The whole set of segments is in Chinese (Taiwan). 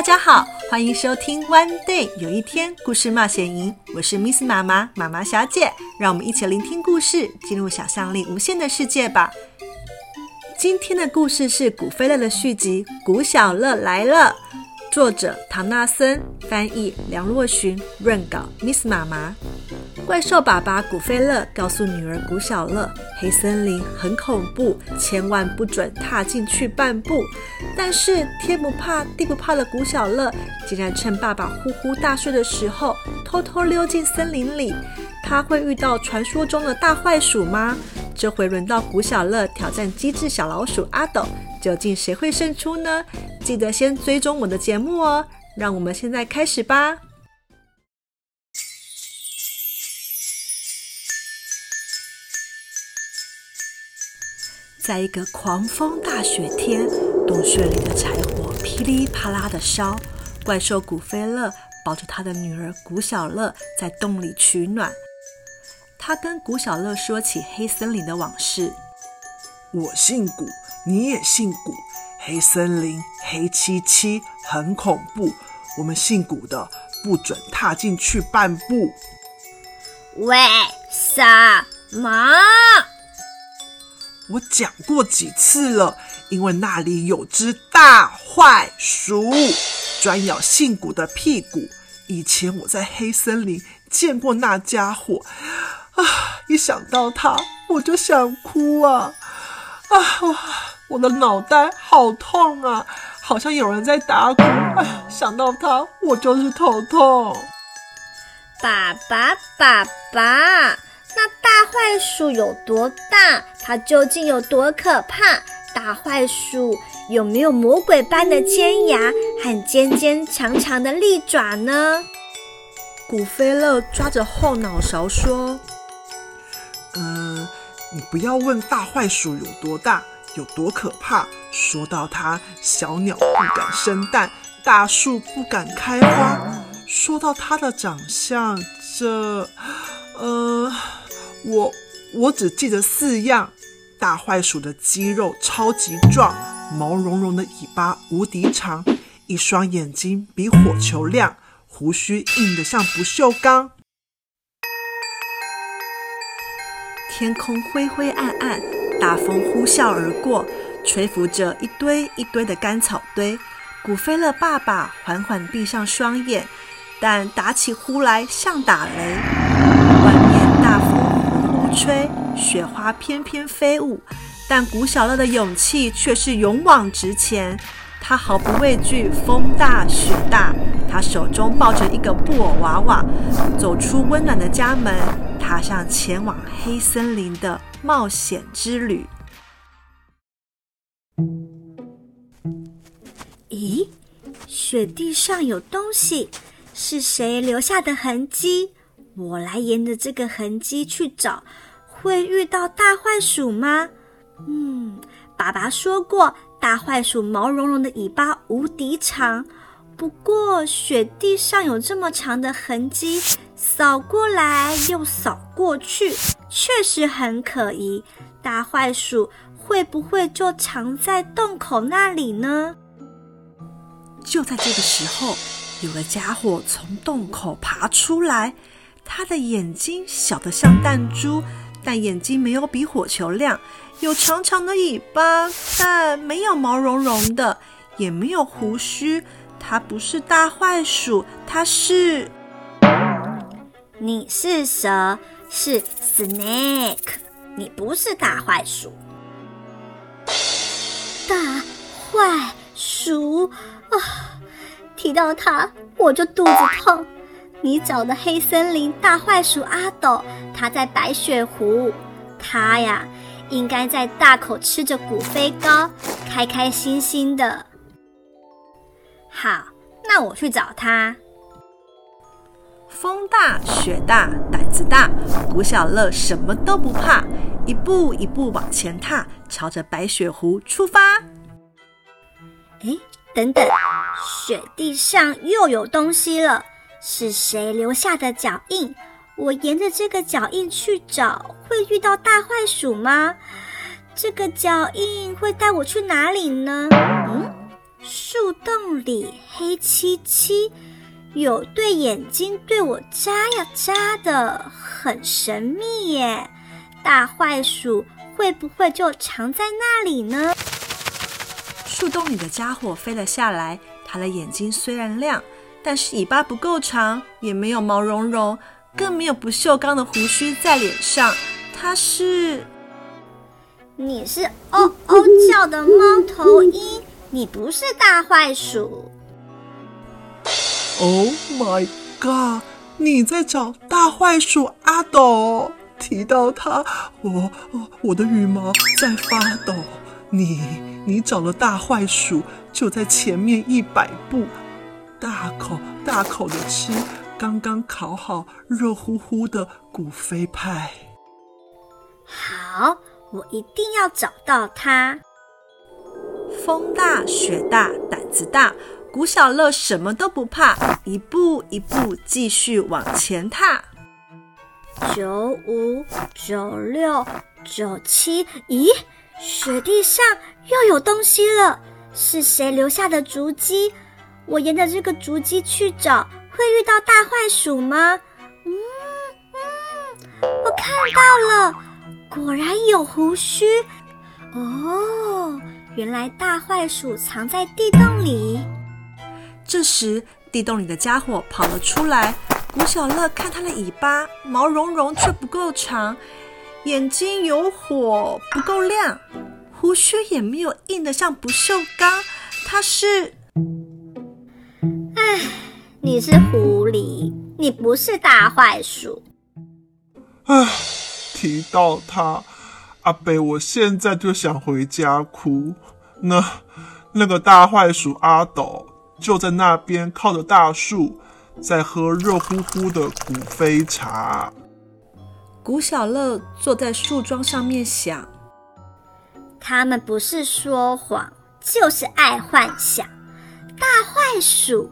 大家好，歡迎收聽《One Day 有一天故事冒險營》，我是 Miss 媽媽，媽媽小姐，讓我們一起聆聽故事，進入想象力無限的世界吧。今天的故事是古飛樂的續集《古小樂來了》，作者唐納森，翻譯梁若洵，潤稿 Miss 媽媽。怪獸爸爸古飛樂告訴女兒古小樂：“黑森林很恐怖，千萬不准踏進去半步。”但是天不怕地不怕的古小樂，竟然趁爸爸呼呼大睡的時候，偷偷溜進森林裡。她會遇到傳說中的大壞鼠嗎？這回輪到古小樂挑戰機智小老鼠阿斗，究竟誰會勝出呢？記得先追蹤我的節目哦！讓我們現在開始吧。在一個狂風大雪天，洞穴裡的柴火噼里啪啦啪啦的燒。怪獸古飛樂抱着他的女兒古小樂在洞裡取暖。他跟古小樂說起黑森林的往事：“我姓古，你也姓古。黑森林黑漆漆，很恐怖。我們姓古的不准踏進去半步。”喂，為什麼？我講過幾次了，因為那裡有隻大壞鼠，專咬信谷的屁股。以前我在黑森林見過那家伙，啊，一想到他我就想哭啊！啊我，我的腦袋好痛啊，好像有人在打鼓，啊。想到他我就是頭痛。爸爸，爸爸。大壞鼠有多大？它究竟有多可怕？大壞鼠有沒有魔鬼般的尖牙和尖尖長長長的利爪呢？嗯，古飛樂抓着後腦勺說：“呃，你不要問大壞鼠有多大、有多可怕。說到它，小鳥不敢生蛋，大樹不敢開花。說到它的長相，這……呃。”我我只記得四樣：大壞鼠的肌肉超級壯，毛茸茸的尾巴無敵長，一雙眼睛比火球亮，胡鬚硬得像不鏽鋼。天空灰灰暗暗，大風呼嘯而過，吹拂着一堆一堆的乾草堆。古飛樂爸爸緩緩閉上雙眼，但打起呼來像打雷。吹，雪花翩翩飛舞，但古小樂的勇氣卻是勇往直前。她毫不畏懼風大雪大，她手中抱着一個布偶娃娃，走出溫暖的家門，踏上前往黑森林的冒險之旅。咦？雪地上有東西，是誰留下的痕跡？我來沿着這個痕跡去找，會遇到大壞鼠嗎？嗯，爸爸說過，大壞鼠毛茸茸的尾巴無敵長。不過雪地上有這麼長的痕跡，掃過來又掃過去，確實很可疑。大壞鼠會不會就藏在洞口那裡呢？就在這個時候，有個家伙從洞口爬出來。它的眼睛小得像彈珠，但眼睛沒有比火球亮。有長長的尾巴，但沒有毛茸茸的，也沒有鬍鬚。它不是大壞鼠，它是。你是蛇，是 snake。你不是大壞鼠。大壞鼠啊、哦，提到它我就肚子痛。你找的黑森林大壞鼠阿斗，他在白雪湖，他呀，應該在大口吃着古飛糕，開開心心的。好，那我去找他。風大雪大膽子大，古小樂什麼都不怕，一步一步往前踏，朝着白雪湖出發。哎，等等，雪地上又有東西了。是誰留下的腳印？我沿着這個腳印去找，會遇到大壞鼠嗎？這個腳印會帶我去哪裡呢？嗯，樹洞裡黑漆漆，有對眼睛對我眨呀眨的，很神秘耶！大壞鼠會不會就藏在那裡呢？樹洞裡的家伙飛了下來，他的眼睛雖然亮，但是尾巴不夠長，也沒有毛茸茸，更沒有不鏽鋼的鬍鬚在臉上。它是？你是嗷嗷叫的貓頭鷹，你不是大壞鼠。Oh my god！你在找大壞鼠阿斗？提到他，我哦，我的羽毛在發抖。你你找了大壞鼠，就在前面一百步。大口大口的吃剛剛烤好、熱乎乎的古飛派。好，我一定要找到他。風大雪大膽子大，古小樂什麼都不怕，一步一步繼續往前踏。九五九六九七，咦，雪地上又有東西了，是誰留下的足跡？我沿着這個足迹去找，會遇到大壞鼠嗎？嗯嗯，我看到了，果然有鬍鬚。哦，原來大壞鼠藏在地洞裡。這時，地洞裡的家伙跑了出來。古小樂看他的尾巴，毛茸茸却不夠長；眼睛有火，不夠亮，胡鬚也沒有硬得像不鏽鋼。他是。你是狐狸，你不是大壞鼠。唉，提到他，阿北，我現在就想回家哭。那那個大壞鼠阿斗，就在那邊靠着大樹，在喝熱乎乎的古啡茶。古小樂坐在樹樁上面想，他們不是說謊，就是愛幻想。大壞鼠。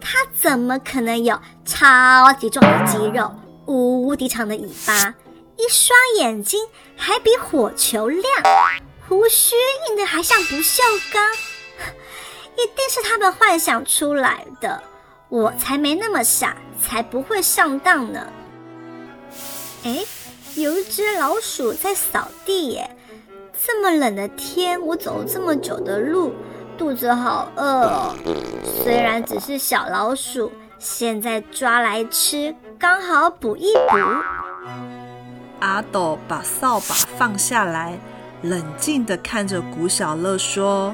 他怎麼可能有超級重的肌肉、無敵長的尾巴、一雙眼睛還比火球亮、鬍鬚硬得還像不鏽鋼？一定是他們幻想出來的，我才沒那麼傻，才不會上當呢。哎，有一隻老鼠在掃地耶！這麼冷的天，我走了這麼久的路，肚子好餓哦。雖然只是小老鼠，現在抓來吃剛好補一補。阿斗把掃把放下來，冷靜地看着古小樂說：“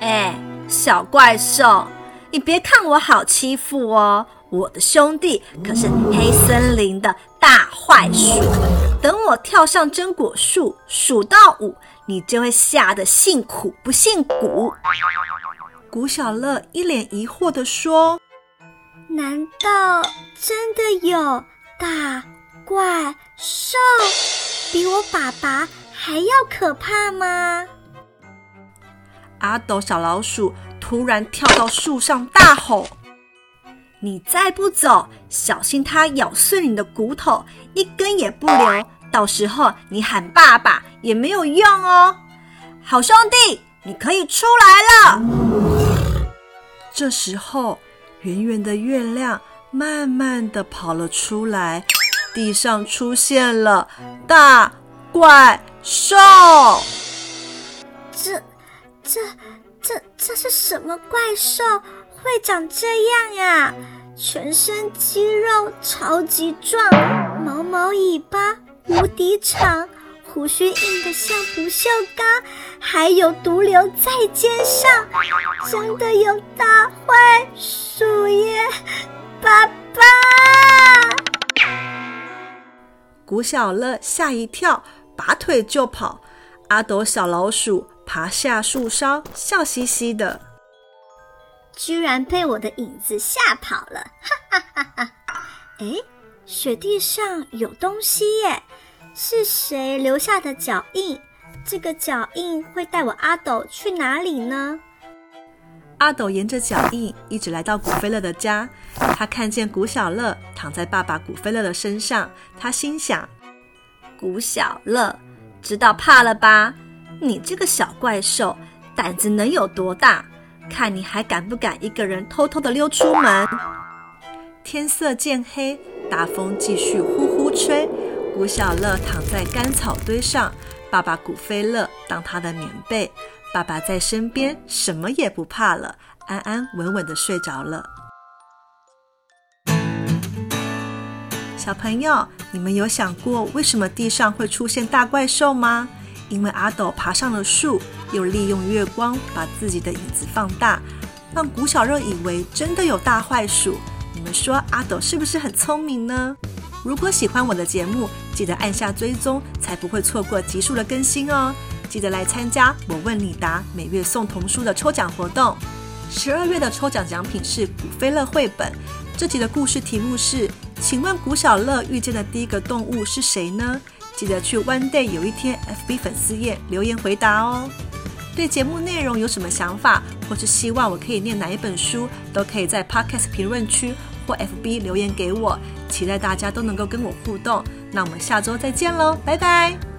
哎、欸，小怪獸，你別看我好欺負哦，我的兄弟可是黑森林的大壞鼠。等我跳上榛果樹，數到五，你就會嚇得姓苦不姓古。”古小樂一臉疑惑地說：“難道真的有大怪獸比我爸爸還要可怕嗎？”阿斗小老鼠突然跳到樹上大吼：“你再不走，小心它咬碎你的骨頭一根也不留！到時候你喊爸爸也沒有用哦！好兄弟，你可以出來了。”這時候，圓圓的月亮慢慢地跑了出來，地上出現了大怪獸。這、這、這、這是什麼怪獸？會長這樣呀、啊？全身肌肉超級壯，毛毛尾巴無敵長。鬍鬚硬的像不鏽鋼，還有毒瘤在肩上，真的有大壞鼠耶，爸爸！古小樂嚇一跳，拔腿，就跑。阿斗小老鼠爬下樹梢，笑嘻嘻的，居然被我的影子嚇跑了，哈哈哈哈！哎，雪地上有東西耶。是誰留下的腳印？這個腳印會帶我阿斗去哪裡呢？阿斗沿着腳印一直來到古飛樂的家，他看見古小樂躺在爸爸古飛樂的身上，他心想：古小樂，知道怕了吧？你這個小怪獸，膽子能有多大？看你還敢不敢一個人偷偷的溜出門？天色漸黑，大風繼續呼呼吹。古小樂躺在乾草堆上，爸爸古飛樂當他的棉被。爸爸在身邊，什麼也不怕了，安安穩穩的睡着了。小朋友，你們有想過為什麼地上會出現大怪獸嗎？因為阿斗爬上了樹，又利用月光把自己的影子放大，讓古小樂以為真的有大壞鼠。你們說阿斗是不是很聰明呢？如果喜歡我的節目，記得按下追蹤，才不會錯過集數的更新哦！記得來參加我問你答每月送童書的抽獎活動。十二月的抽獎獎品是古飛樂繪本。這集的故事題目是：請問古小樂遇見的第一個動物是誰呢？記得去 One Day 有一天 FB 粉絲頁留言回答哦。對節目內容有什麼想法，或是希望我可以念哪一本書，都可以在 Podcast 評論區或 FB 留言給我，期待大家都能夠跟我互動。那我們下週再見嘍，拜拜。